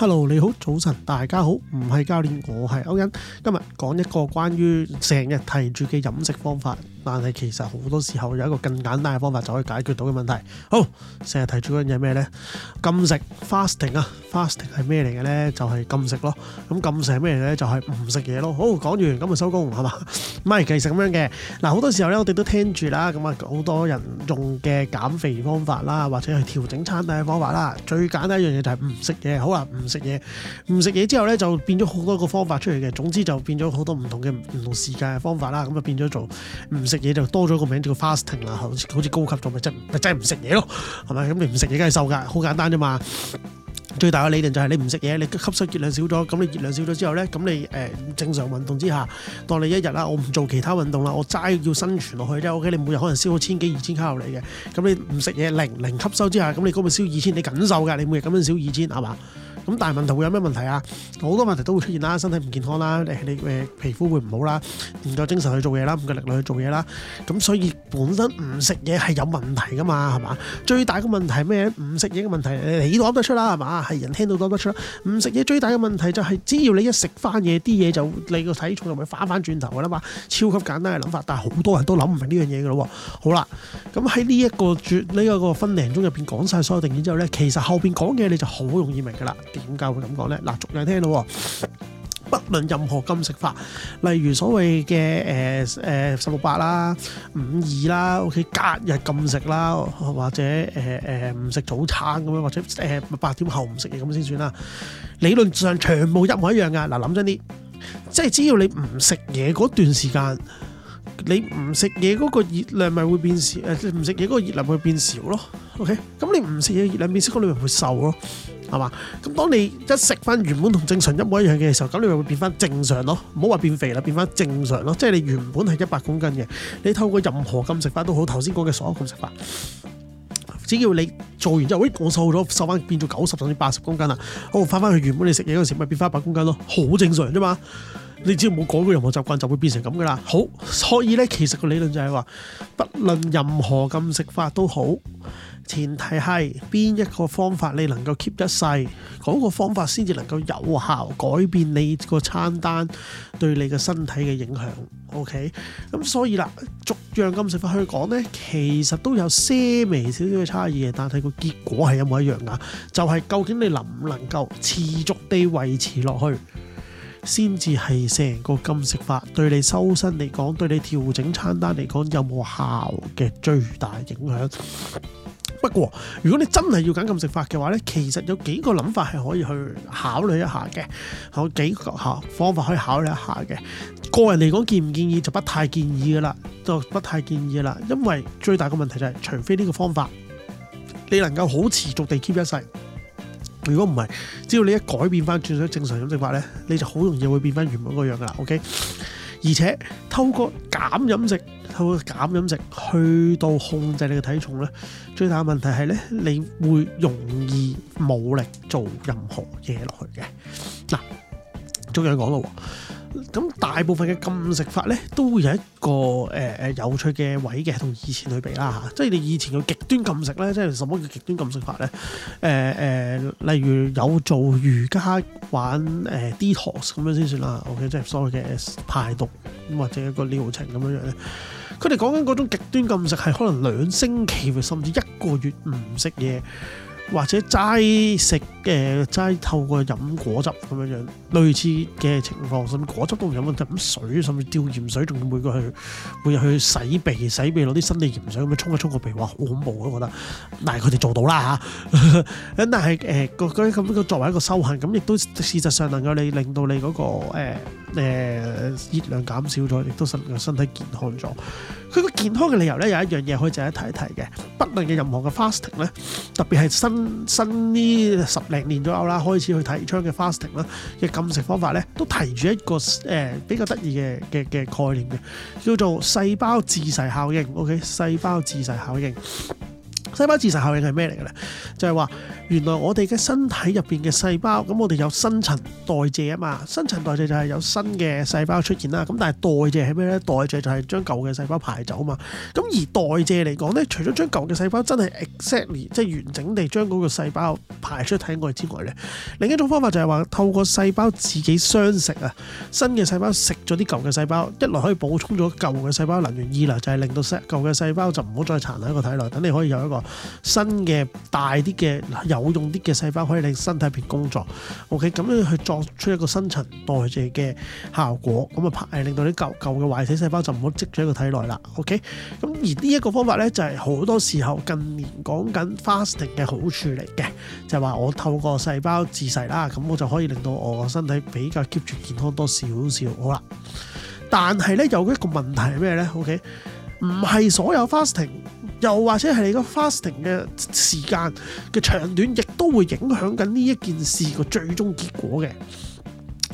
Hello，你好，早晨，大家好，唔係教練，我係歐欣，今日講一個關於成日提住嘅飲食方法。但係其實好多時候有一個更簡單嘅方法就可以解決到嘅問題。好，成日提出嗰樣嘢咩呢？禁食 fasting 啊，fasting 係咩嚟嘅呢？就係禁食咯。咁禁食係咩嚟呢？就係唔食嘢咯。好，講完咁咪收工係嘛？唔係，其實咁樣嘅嗱，好多時候呢我哋都聽住啦。咁啊，好多人用嘅減肥方法啦，或者係調整餐體嘅方法啦，最簡單一樣嘢就係唔食嘢。好啊，唔食嘢，唔食嘢之後呢就變咗好多個方法出嚟嘅。總之就變咗好多唔同嘅唔同時間嘅方法啦。咁就變咗做唔食嘢就多咗個名叫 fasting 啦，好似好似高級咗咪真咪真係唔食嘢咯，係咪？咁你唔食嘢梗係瘦㗎，好簡單啫嘛。最大嘅理論就係你唔食嘢，你吸收熱量少咗，咁你熱量少咗之後咧，咁你誒正常運動之下，當你一日啦，我唔做其他運動啦，我齋要生存落去啫。OK，你每日可能燒咗千幾二千卡路里嘅，咁你唔食嘢零零吸收之下，咁你嗰個燒二千，你緊瘦㗎，你每日咁樣燒二千係嘛？咁大問題會有咩問題啊？好多問題都會出現啦，身體唔健康啦，你，你皮膚會唔好啦，唔夠精神去做嘢啦，唔夠力量去做嘢啦。咁所以本身唔食嘢係有問題噶嘛，係嘛？最大嘅問題咩？唔食嘢嘅問題你都諗得出啦，係嘛？係人聽到都諗得出啦。唔食嘢最大嘅問題就係只要你一食翻嘢，啲嘢就你個體重就咪返翻轉頭噶啦嘛。超級簡單嘅諗法，但好多人都諗唔明呢樣嘢噶咯喎。好啦，咁喺呢一個絕呢一個分零鐘入面講晒所有定義之後咧，其實後邊講嘢你就好容易明噶啦。點解會咁講咧？嗱，逐樣聽到，不論任何禁食法，例如所謂嘅誒誒十六八啦、五二啦，O K，隔日禁食啦，或者誒誒唔食早餐咁樣，或者誒八點後唔食嘢咁先算啦。理論上全部一模一樣噶。嗱，諗真啲，即係只要你唔食嘢嗰段時間，你唔食嘢嗰個熱量咪會變少，誒唔食嘢嗰個熱量會變少咯。O K，咁你唔食嘢熱量變少，嗰你咪會瘦咯。係嘛？咁當你一食翻原本同正常一模一樣嘅時候，咁你咪會變翻正常咯。唔好話變肥啦，變翻正常咯。即係你原本係一百公斤嘅，你透過任何禁食法都好，頭先講嘅所有禁食法，只要你做完之後，喂，我瘦咗，瘦翻變做九十甚至八十公斤啦，我翻翻去原本你食嘢嗰時咪變翻一百公斤咯，好正常啫嘛。你只要冇改過任何習慣，就會變成咁噶啦。好，所以咧，其實個理論就係話，不論任何禁食法都好。前提係邊一個方法你能夠 keep 一世，嗰、那個方法先至能夠有效改變你個餐單對你個身體嘅影響。OK，咁所以啦，逐樣咁食法去講呢，其實都有些微少少嘅差異嘅，但係個結果係一模一樣㗎。就係、是、究竟你能唔能夠持續地維持落去？先至係成個禁食法對你修身嚟講，對你調整餐單嚟講有冇效嘅最大影響。不過，如果你真係要揀禁食法嘅話呢，其實有幾個諗法係可以去考慮一下嘅，有幾個方法可以考慮一下嘅。個人嚟講，建唔建議就不太建議㗎喇，就不太建議啦，因為最大個問題就係，除非呢個方法你能夠好持續地 keep 一世。如果唔係，只要你一改變翻轉咗正常飲食法咧，你就好容易會變翻原本嗰樣噶啦。OK，而且透過減飲食，透過減飲食去到控制你嘅體重咧，最大問題係咧，你會容易冇力做任何嘢落去嘅。嗱、啊，終於講到喎。咁大部分嘅禁食法咧，都會有一個誒誒、呃、有趣嘅位嘅，同以前去比啦嚇。即係你以前嘅極端禁食咧，即係什麼叫極端禁食法咧？誒、呃、誒、呃，例如有做瑜伽、玩誒 detox 咁樣先算啦。OK，即係所謂嘅排毒或者一個療程咁樣樣咧。佢哋講緊嗰種極端禁食係可能兩星期甚至一個月唔食嘢。或者齋食誒齋透過飲果汁咁樣樣類似嘅情況，甚至果汁都唔飲得，飲水甚至吊鹽水，仲要每日去會去洗鼻、洗鼻攞啲生理鹽水咁樣沖一沖個鼻，哇！好恐怖我覺得，但係佢哋做到啦嚇。咁但係誒個咁作為一個修行，咁亦都事實上能夠你令到你嗰、嗰個、呃誒、呃、熱量減少咗，亦都使身體健康咗。佢個健康嘅理由咧，有一樣嘢可以值得提一提嘅。不論嘅任何嘅 fasting 咧，特別係新新呢十零年左右啦，開始去提倡嘅 fasting 啦嘅禁食方法咧，都提住一個誒、呃、比較得意嘅嘅嘅概念嘅，叫做細胞自噬效應。OK，細胞自噬效應，細胞自噬效應係咩嚟嘅咧？就係、是、話。原來我哋嘅身體入邊嘅細胞，咁我哋有新陳代謝啊嘛，新陳代謝就係有新嘅細胞出現啦。咁但係代謝係咩呢？代謝就係將舊嘅細胞排走嘛。咁而代謝嚟講呢，除咗將舊嘅細胞真係 exactly 即係完整地將嗰個細胞排出體外之外呢，另一種方法就係話透過細胞自己相食啊，新嘅細胞食咗啲舊嘅細胞，一來可以補充咗舊嘅細胞能源，二來就係令到 set 舊嘅細胞就唔好再殘留喺個體內，等你可以有一個新嘅大啲嘅由。有用啲嘅細胞可以令身體變工作，OK，咁樣去作出一個新陳代謝嘅效果，咁啊排，令到啲舊舊嘅壞死細胞就唔好積咗喺個體內啦，OK，咁而呢一個方法咧就係、是、好多時候近年講緊 fasting 嘅好處嚟嘅，就係話、是、我透過細胞自噬啦，咁我就可以令到我個身體比較 keep 住健康多少少，好啦，但係咧有一個問題係咩咧？OK。唔係所有 fasting，又或者係你個 fasting 嘅時間嘅長短，亦都會影響緊呢一件事個最終結果嘅。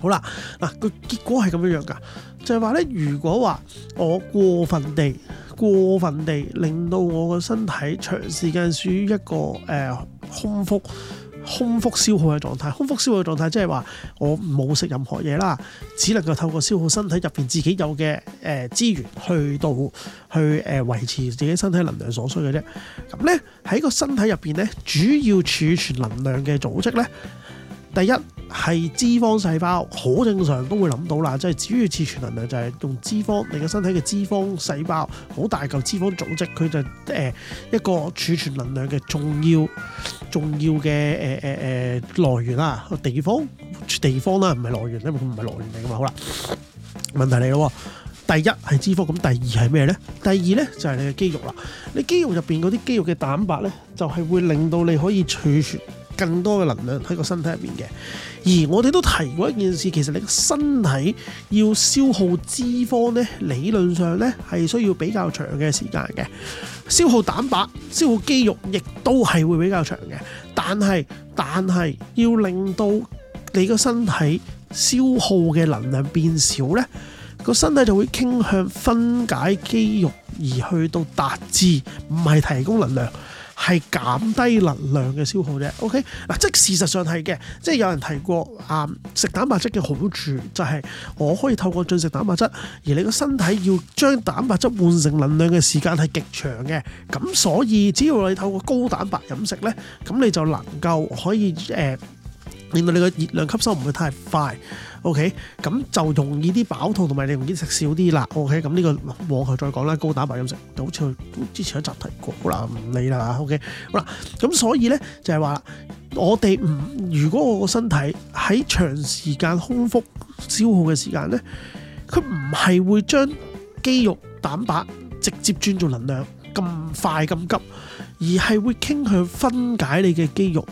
好啦，嗱、個結果係咁樣樣㗎，就係話咧，如果話我過分地過分地令到我個身體長時間屬於一個誒、呃、空腹。空腹消耗嘅狀態，空腹消耗嘅狀態即係話我冇食任何嘢啦，只能夠透過消耗身體入邊自己有嘅誒資源去到去誒維持自己身體能量所需嘅啫。咁呢，喺個身體入邊呢，主要儲存能量嘅組織呢，第一。係脂肪細胞，好正常都會諗到啦。即係主要儲存能量就係用脂肪，你嘅身體嘅脂肪細胞好大嚿脂肪組織，佢就誒、是呃、一個儲存能量嘅重要重要嘅誒誒誒來源啦、啊，地方地方啦、啊，唔係來源，因為佢唔係來源嚟嘅嘛。好啦，問題嚟咯。第一係脂肪，咁第二係咩咧？第二咧就係、是、你嘅肌肉啦。你肌肉入邊嗰啲肌肉嘅蛋白咧，就係、是、會令到你可以儲存。更多嘅能量喺個身體入面嘅，而我哋都提過一件事，其實你個身體要消耗脂肪咧，理論上咧係需要比較長嘅時間嘅，消耗蛋白、消耗肌肉亦都係會比較長嘅，但係但係要令到你個身體消耗嘅能量變少咧，個身體就會傾向分解肌肉而去到達至唔係提供能量。係減低能量嘅消耗啫。OK，嗱，即事實上係嘅，即係有人提過啊、嗯，食蛋白質嘅好處就係我可以透過進食蛋白質，而你個身體要將蛋白質換成能量嘅時間係極長嘅。咁所以只要你透過高蛋白飲食呢，咁你就能夠可以誒，呃令到你嘅熱量吸收唔會太快，OK，咁就容易啲飽肚，同埋你容易食少啲啦。OK，咁呢個往後再講啦。高蛋白飲食就好似佢之前一集提過啦，唔理啦。OK，好嗱咁，所以呢，就係話我哋唔如果我個身體喺長時間空腹消耗嘅時間呢，佢唔係會將肌肉蛋白直接轉做能量咁快咁急，而係會傾向分解你嘅肌肉，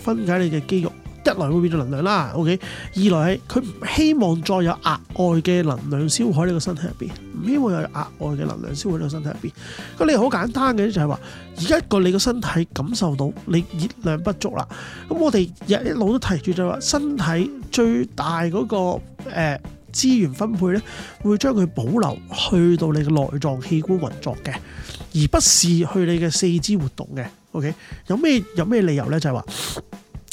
分解你嘅肌肉。一來會變做能量啦，OK。二來係佢唔希望再有額外嘅能量消耗喺你個身體入邊，唔希望有額外嘅能量消耗喺你個身體入邊。咁你好簡單嘅，就係話而家個你個身體感受到你熱量不足啦。咁我哋日一路都提住就係話，身體最大嗰、嗰個資、呃、資源分配咧，會將佢保留去到你嘅內臟器官運作嘅，而不是去你嘅四肢活動嘅。OK 有。有咩有咩理由咧？就係、係、話。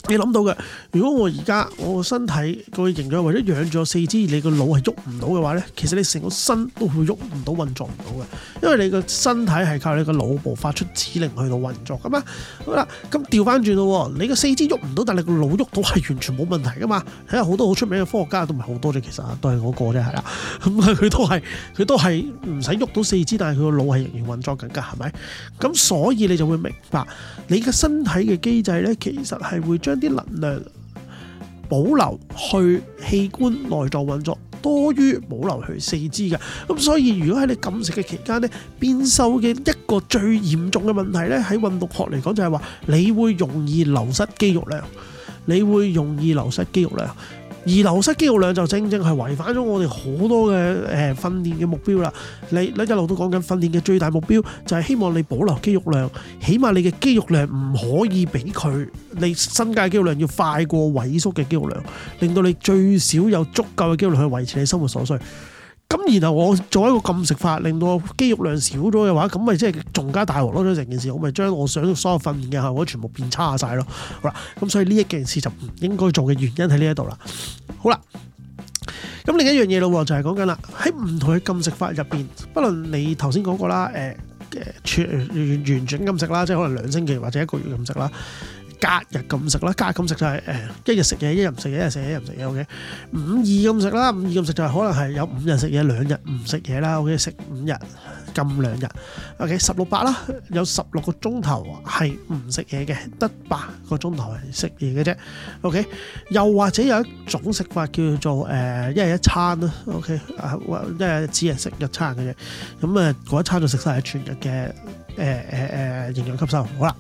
你諗到嘅，如果我而家我個身體個營養或者養咗四肢，你個腦係喐唔到嘅話咧，其實你成個身都會喐唔到運作唔到嘅，因為你個身體係靠你個腦部發出指令去到運作噶嘛。好啦，咁調翻轉喎，你個四肢喐唔到，但你個腦喐到係完全冇問題噶嘛。睇下好多好出名嘅科學家都唔係好多啫，其實都係嗰個啫，係啦，咁佢都係佢都係唔使喐到四肢，但係佢個腦係仍然運作緊㗎，係咪？咁所以你就會明白你嘅身體嘅機制咧，其實係會將啲能量保留去器官內臟運作多於保留去四肢嘅，咁所以如果喺你禁食嘅期間呢，變瘦嘅一個最嚴重嘅問題呢，喺運動學嚟講就係話你會容易流失肌肉量，你會容易流失肌肉量。而流失肌肉量就正正係違反咗我哋好多嘅誒、呃、訓練嘅目標啦。你一路都講緊訓練嘅最大目標就係希望你保留肌肉量，起碼你嘅肌肉量唔可以畀佢，你新界肌肉量要快過萎縮嘅肌肉量，令到你最少有足夠嘅肌肉量去維持你生活所需。咁然後我做一個禁食法，令到我肌肉量少咗嘅話，咁咪即係仲加大鑊咯！成件事我咪將我想所，所有訓練嘅效果全部變差晒咯。好啦，咁所以呢一件事就唔應該做嘅原因喺呢一度啦。好啦，咁另一樣嘢咯，就係講緊啦，喺唔同嘅禁食法入面，不論你頭先講過啦，誒、呃、誒全、呃、完完整禁食啦，即係可能兩星期或者一個月禁食啦。隔日咁食啦，隔日咁食就係誒，一日食嘢，一日唔食嘢，一日食嘢，一日唔食嘢。O.K. 五二咁食啦，五二咁食就係可能係有五日食嘢，兩日唔食嘢啦。O.K. 食五日，禁兩日。O.K. 十六八啦，有十六個鐘頭係唔食嘢嘅，得八個鐘頭係食嘢嘅啫。O.K. 又或者有一種食法叫做誒一日一餐咯。O.K. 啊，一日只係食一餐嘅啫。咁啊，嗰一餐就食曬全日嘅誒誒誒營養吸收。好啦。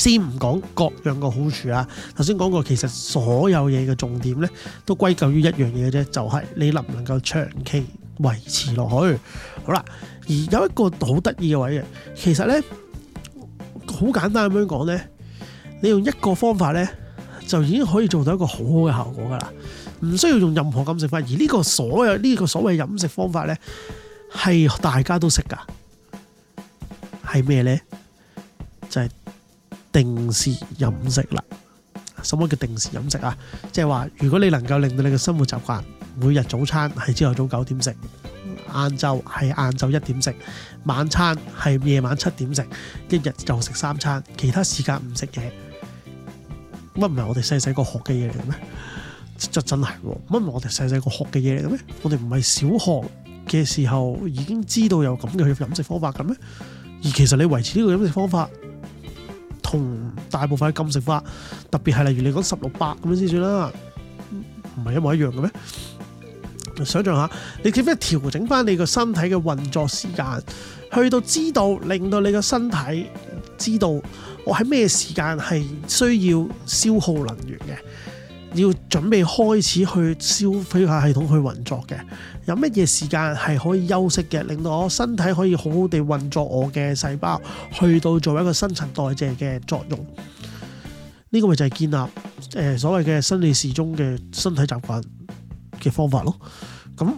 先唔講各樣嘅好處啊！頭先講過，其實所有嘢嘅重點呢都歸咎於一樣嘢嘅啫，就係、係、你能唔能夠長期維持落去。好啦，而有一個好得意嘅位嘅，其實呢，好簡單咁樣講呢：你用一個方法呢，就已經可以做到一個好好嘅效果噶啦，唔需要用任何飲食法。而呢個所有呢、呢個所謂飲食方法呢，係大家都識噶，係咩呢？就係、係。定時飲食啦，什麼叫定時飲食啊？即係話，如果你能夠令到你嘅生活習慣，每日早餐係朝頭早九點食，晏晝係晏晝一點食，晚餐係夜晚七點食，一日就食三餐，其他時間唔食嘢。乜唔係我哋細細個學嘅嘢嚟嘅咩？就真係，乜唔係我哋細細個學嘅嘢嚟嘅咩？我哋唔係小學嘅時候已經知道有咁嘅飲食方法㗎咩？而其實你維持呢個飲食方法。同大部分嘅禁食法，特別係例如你講十六八咁樣先算啦，唔係一模一樣嘅咩？想象下，你點樣調整翻你個身體嘅運作時間，去到知道令到你個身體知道我喺咩時間係需要消耗能源嘅。要準備開始去消化系統去運作嘅，有乜嘢時間係可以休息嘅，令到我身體可以好好地運作我嘅細胞，去到做一個新陳代謝嘅作用。呢個咪就係建立誒所謂嘅生理時鐘嘅身體習慣嘅方法咯。咁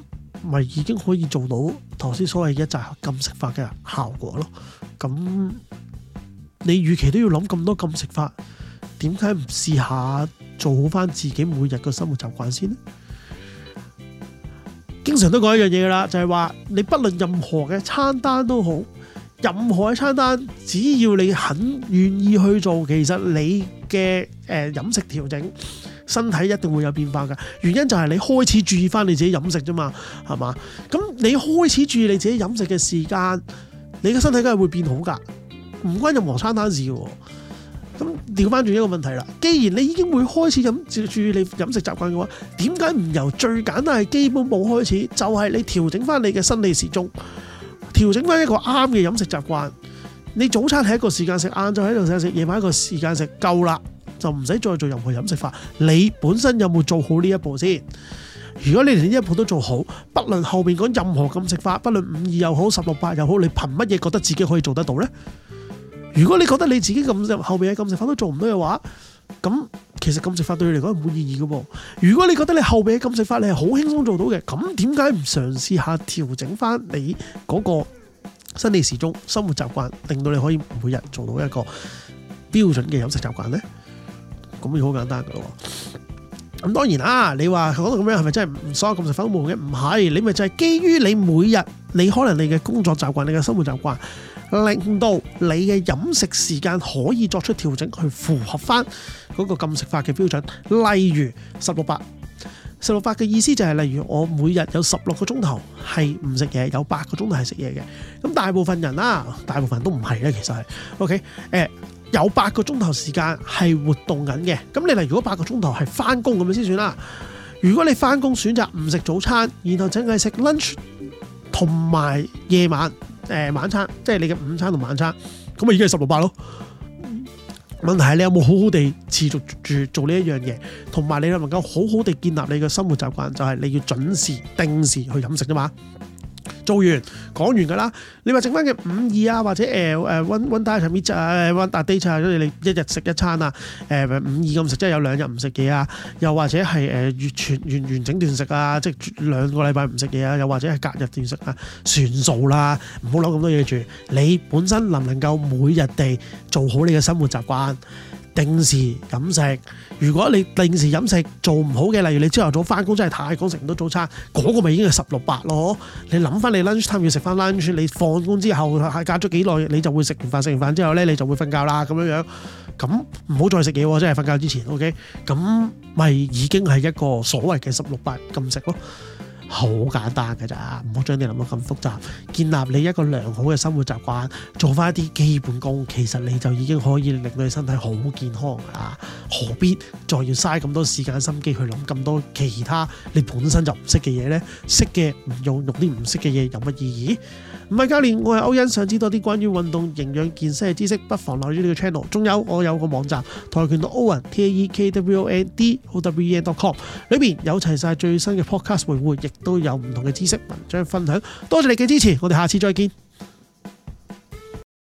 咪已經可以做到頭先所謂一集禁食法嘅效果咯。咁你預期都要諗咁多禁食法？點解唔試下做好翻自己每日嘅生活習慣先咧？經常都講一樣嘢噶啦，就係話你不論任何嘅餐單都好，任何嘅餐單，只要你肯願意去做，其實你嘅誒飲食調整，身體一定會有變化嘅。原因就係你開始注意翻你自己飲食啫嘛，係嘛？咁你開始注意你自己飲食嘅時間，你嘅身體梗係會變好噶，唔關任何餐單事。調翻轉一個問題啦，既然你已經會開始咁注意你飲食習慣嘅話，點解唔由最簡單係基本步開始？就係你調整翻你嘅生理時鐘，調整翻一個啱嘅飲食習慣。你早餐喺一個時間食，晏晝喺度食，夜晚一個時間食，夠啦，就唔使再做任何飲食法。你本身有冇做好呢一步先？如果你連呢一步都做好，不論後面講任何禁食法，不論五二又好，十六八又好，你憑乜嘢覺得自己可以做得到呢？如果你覺得你自己咁後邊嘅禁食法都做唔到嘅話，咁其實禁食法對你嚟講係冇意義嘅噃。如果你覺得你後邊嘅禁食法你係好輕鬆做到嘅，咁點解唔嘗試下調整返你嗰個生理時鐘、生活習慣，令到你可以每日做到一個標準嘅飲食習慣呢？咁好簡單嘅咯。咁當然啦，你話講到咁樣係咪真係唔所有禁食法都冇嘅？唔係，你咪就係基於你每日你可能你嘅工作習慣、你嘅生活習慣。令到你嘅飲食時間可以作出調整，去符合返嗰個禁食法嘅標準。例如十六八，十六八嘅意思就係、是、例如我每日有十六個鐘頭係唔食嘢，有八個鐘頭係食嘢嘅。咁大部分人啦，大部分人都唔係咧，其實係。OK，誒、呃、有八個鐘頭時，時間係活動緊嘅。咁你例如如果八個鐘頭係返工咁樣先算啦。如果你返工選擇唔食早餐，然後淨係食 lunch 同埋夜晚。誒晚餐，即係你嘅午餐同晚餐，咁咪已經係十六八咯。問題係你有冇好好地持續住做呢一樣嘢，同埋你能夠好好地建立你嘅生活習慣，就係你要準時、定時去飲食吖嘛。做完講完㗎啦，你話剩翻嘅五二啊，或者誒誒 one day 啊 one day，即係你一日食一餐啊，誒誒五二咁食，即係有兩日唔食嘢啊，又或者係誒完全完完整斷食啊，即係兩個禮拜唔食嘢啊，又或者係隔日斷食啊，算數啦，唔好諗咁多嘢住，你本身能唔能夠每日地做好你嘅生活習慣？定時飲食，如果你定時飲食做唔好嘅，例如你朝頭早翻工真係太趕，食唔到早餐，嗰個咪已經係十六八咯。你諗翻你 lunch time 要食翻 lunch，你放工之後係隔咗幾耐，你就會食完飯，食完飯之後呢你就會瞓覺啦咁樣樣。咁唔好再食嘢喎，即係瞓覺之前。OK，咁咪已經係一個所謂嘅十六八禁食咯。好簡單㗎咋，唔好將你諗到咁複雜。建立你一個良好嘅生活習慣，做翻一啲基本功，其實你就已經可以令到你身體好健康啊！何必再要嘥咁多時間心機去諗咁多其他你本身就唔識嘅嘢呢？識嘅唔用，用啲唔識嘅嘢有乜意義？唔係教練，我係歐恩，想知多啲關於運動營養健身嘅知識，不妨留意呢個 channel。仲有我有個網站，跆拳道歐恩 T A E K W O N D O W N dot com，裏邊有齊晒最新嘅 podcast 回顧，亦～都有唔同嘅知識文章分享，多謝你嘅支持，我哋下次再見。